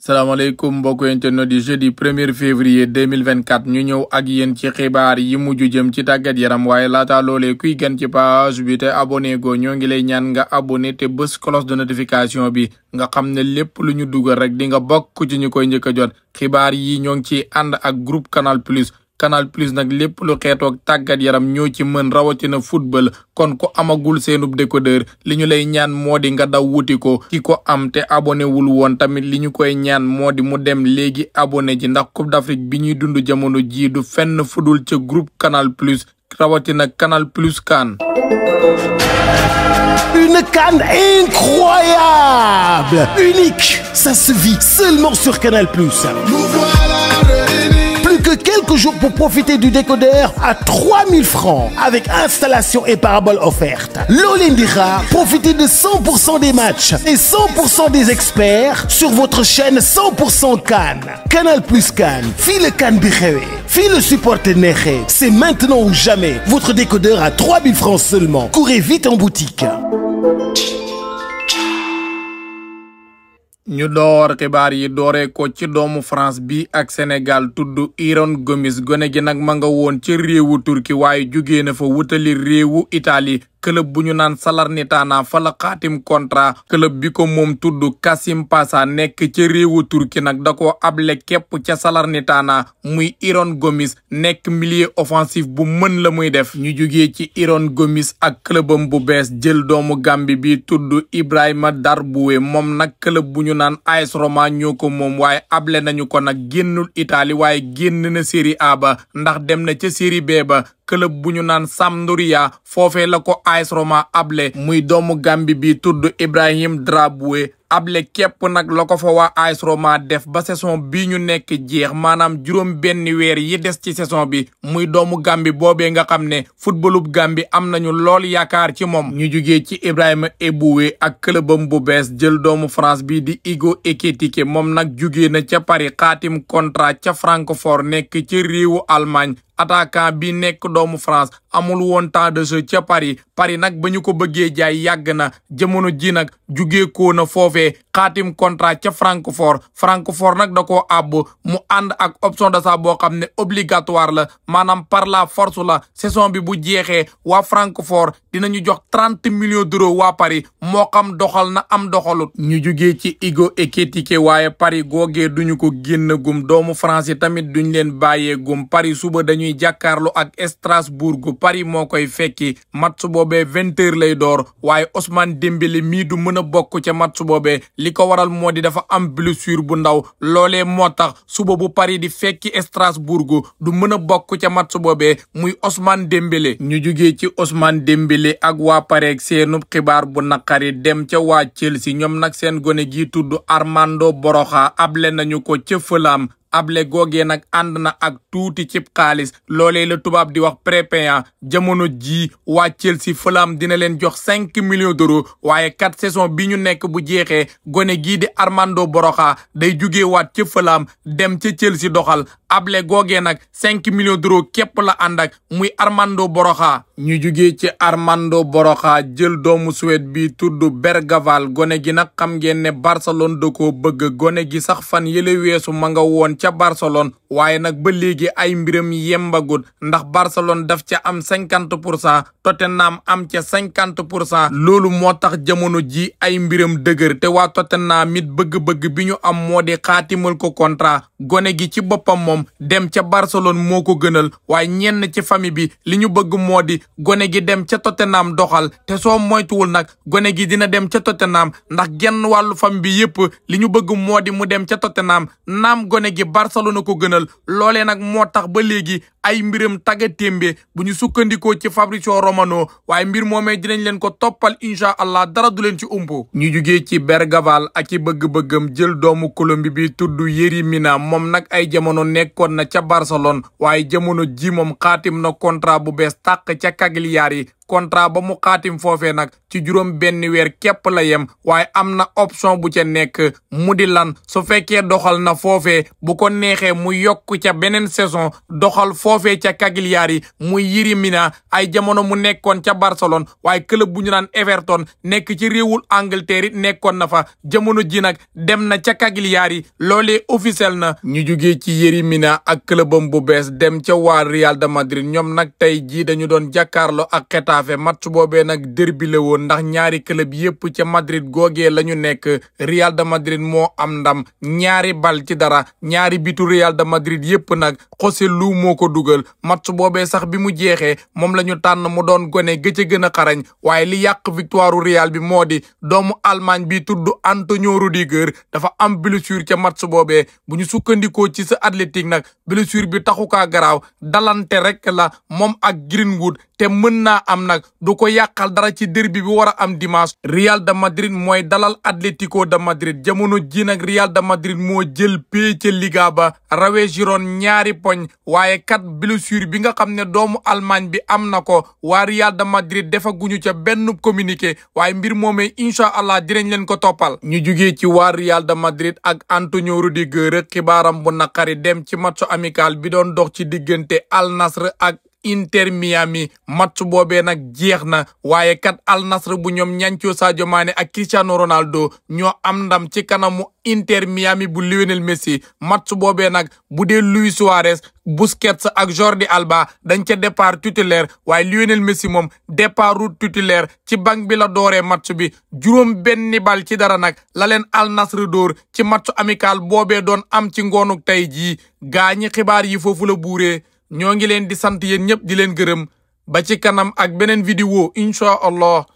salaamaaleykum mbokk internet di jeudi premier février 2024 ñu ñëw ak yéen ci xibaar yi mujj jëm ci tàggat yaram waaye laata loolee kuy gan ci page bi te abonné go ñoo ngi lay ñaan nga abonné te bés cloche de notification bi nga xam ne lépp lu ñu dugal rek di nga bokk ci ñu koy njëkk a jot xibaar yi ñoo ngi ciy ànd ak groupe Canal Plus Canal Plus nag lépp lu xeetoog tàggat yaram ñoo ci mën rawatina football kon ko amagul seenub décodeur li ñu lay ñaan moo di nga daw wuti ko ki ko am te abonewul wul woon tamit li ñu koy ñaan moo di mu dem léegi abonné ji ndax Coupe d'Afrique bi ñuy dund jamono jii du fenn fudul ca groupe Canal Plus rawatina Canal Plus CAN Une canne incroyable, unique, que quelques jours pour profiter du décodeur à 3000 francs avec installation et parabole offerte loo leen di xaar profitez de 100% des matchs et 100% des experts sur votre chaîne Canal Plus CAN fii la CAN bi xewee fii la supporter neexee c'est maintenant ou jamais votre décodeur à francs seulement courez vite en boutique ñu door xibaar yi dooree ko ci doomu France bi ak Sénégal tudd Iron Gomis gone gi nag ma nga woon ci réewu Turki waaye jugee na fa wutali réewu Italie club bu ñu naan Salernitana fa la xaatim contrat bi ko moom tuddu Kasim Pasa nekk ca réewu Turki nag da ko able képp ca Salernitana muy Iron Gomis nekk milieu offensif bu mën la muy def ñu jugee ci Iron Gomis ak clubam bu bees jël doomu Gàmbi bi tudd Ibrahima Darboue moom nag club bu ñu naan AS Roma ñoo ko moom waaye able nañu ko nag génnul itali waaye génn na Série A ba ndax dem na ca Série B club bu ñu naan Sampdoria foofee la ko AS able muy doomu Gambie bi tudd Ibrahim Traoré able képp nag la ko fa waa AS Roma def ba saison bi ñu nekk jeex maanaam juróom benn weer yi des ci saison bi muy doomu Gàmbi boobee nga xam ne footballub Gàmbi am nañu lool yaakaar ci moom ñu jugee ci Ibrahima Eboué ak këlëbam bu bees jël doomu France bi di Hugo Ekitike moom nag jugee na ca Paris xaatim contrat ca Francfort nekk ci réewu almagne attaquant bi nekk doomu France amul woon temps de jeu ca Paris Paris nag ba ñu ko bëggee jaay yàgg na jamono ji nag defee xaatim contrat ca Francfort Francfort nag da koo àbb mu ànd ak option d'achat boo xam ne obligatoire la maanaam par la force la saison bi bu jeexee waa Francfort ñu jox trente millions d'euros waa Paris moo xam doxal na am doxalu ñu jugee ci igo Igor Ekitike waaye Paris googee duñu ko génn gum doomu francais yi tamit duñ leen bàyyee gum Paris suba dañuy jàkkaarloo ak Strasbourg Paris moo koy fekki match boobee vingt lay door waaye Ousmane Dembélé mii du mën ca match boobee li ko waral moo di dafa am blessure bu ndaw loolee moo tax suba bu Paris di fekki Strasbourg du mën a bokk ca match boobee muy Ousmane Dembélé ñu juge ci Ousmane Dembélé ak waa Paris ak seenub xibaar bu naqari dem ca waa Chelsea ñoom nag seen gone gi tudd Armando boroxa able nañu ko cëfëlam able googee nag ànd na ak tuuti cib xaalis loolee la tubaab di wax prépayant jamono ji waa Chelsea falam dina leen jox cinq millions d'euros waaye kat saison bi ñu nekk bu jeexee gone gii di Armando Boroxa day jugee waat ca Fulham dem ca doxal able googee nag cinq millions d'euros képp la ànd ak muy Armando Boroxa ñu jugee ci Armando Boroxa jël doomu Suède bi tudd Bergval gone gi nag xam ngeen ne Barcelone da koo bëgg gone gi sax fan yële weesu ma nga woon ca Barcelone waaye nag ba léegi ay mbiram yembagut ndax Barcelone daf ca am cinquante pour cent Tottenham am ca cinquante pour cent loolu moo tax jamono ji ay mbiram dëgër te waa Tottenham it bëgg-bëgg bi ñu am moo di xaatimal ko contrat gone gi ci boppam moom dem ca Barcelone moo ko gënal waaye ñenn ci famille bi li ñu bëgg moo gone gi dem ca Tottenham doxal te soo moytuwul nag gone gi dina dem ca Tottenham ndax genn wàllu fam bi yépp li ñu bëgg moo di mu dem ca Tottenham naam gone gi Barcelona ko gënal loolee nag moo tax ba léegi ay mbiram tagga témbe bu ñu sukkandikoo ci Fabrizio Romano waaye mbir moomee dinañ leen ko toppal incha allah dara du leen ci umpo ñu jugee ci Bergaval ak ci bëgg-bëggam jël doomu Colombie bi tudd Yeri Mina moom nag ay jamono nekkoon na ca Barcelone waaye jamono ji moom xaatim na contrat bu bees tàq ca Cagliari contrat ba mu xaatim foofee nag ci juróom benn weer képp la yem waaye am na option bu ca nekk mu di lan su fekkee doxal na foofee bu ko neexee mu yokk ca beneen saison doxal foofee ca Cagliari mu yiri mina ay jamono mu nekkoon ca Barcelone waaye club bu ñu naan Everton nekk ci réewul Angleterre it nekkoon na fa jamono ji nag dem na ca Cagliari loolee officiel na ñu jugee ci yëri mina ak clubam bu bees dem ca waa Real de Madrid ñoom nag tey jii dañu doon jàkkaarloo ak grave match boobee nag derby la woon ndax ñaari club yépp ca Madrid googee la ñu nekk Real de Madrid moo am ndam ñaari bal ci dara ñaari bitu Real de Madrid yépp nag José Lu moo ko dugal match boobee sax bi mu jeexee moom la ñu tànn mu doon gone gëcc gën a xarañ waaye li yàq victoire Real bi moo di doomu Allemagne bi tudd Antonio Rudiger dafa am blessure ca match boobee bu ñu sukkandikoo ci sa Athletic nag blessure bi taxu kaa garaaw dalante rek la moom ak Greenwood te mën naa am nag du ko yàqal dara ci derbi bi war a am dimanche. Real de Madrid mooy dalal Atlético de Madrid jamono ji nag Real de Madrid moo jël pee ca Liga ba rawee Girone ñaari poñ waaye kat sur bi nga xam ne doomu Allemagne bi am na ko waa Real de Madrid defaguñu ca benn communiqué waaye mbir moomee incha allah dinañ leen ko toppal. ñu jugee ci waa Real de Madrid ak Antonio Rudiger xibaaram bu naqari dem ci match amical bi doon dox ci diggante Al ak. Inter Miami match boobee nag jeex na waaye kat Al Nassr bu ñoom ñancoo Sadio Mané ak Cristiano Ronaldo ñoo am ndam ci kanamu Inter Miami bu Lionel Messi match boobee nag bu dee Luis Suarez Busquets ak Jordi Alba dañ ca départ titulaire waaye Lionel Messi moom départ route ci banc bi la dooree match bi juróom benni bal ci dara nag la leen Al Nassr dóor ci match amical boobee doon am ci ngoonu tey ji gaañi xibaar yi foofu la buuree ñoo ngi leen di sant yéen ñëpp di leen gërëm ba ci kanam ak beneen vidéo incha allah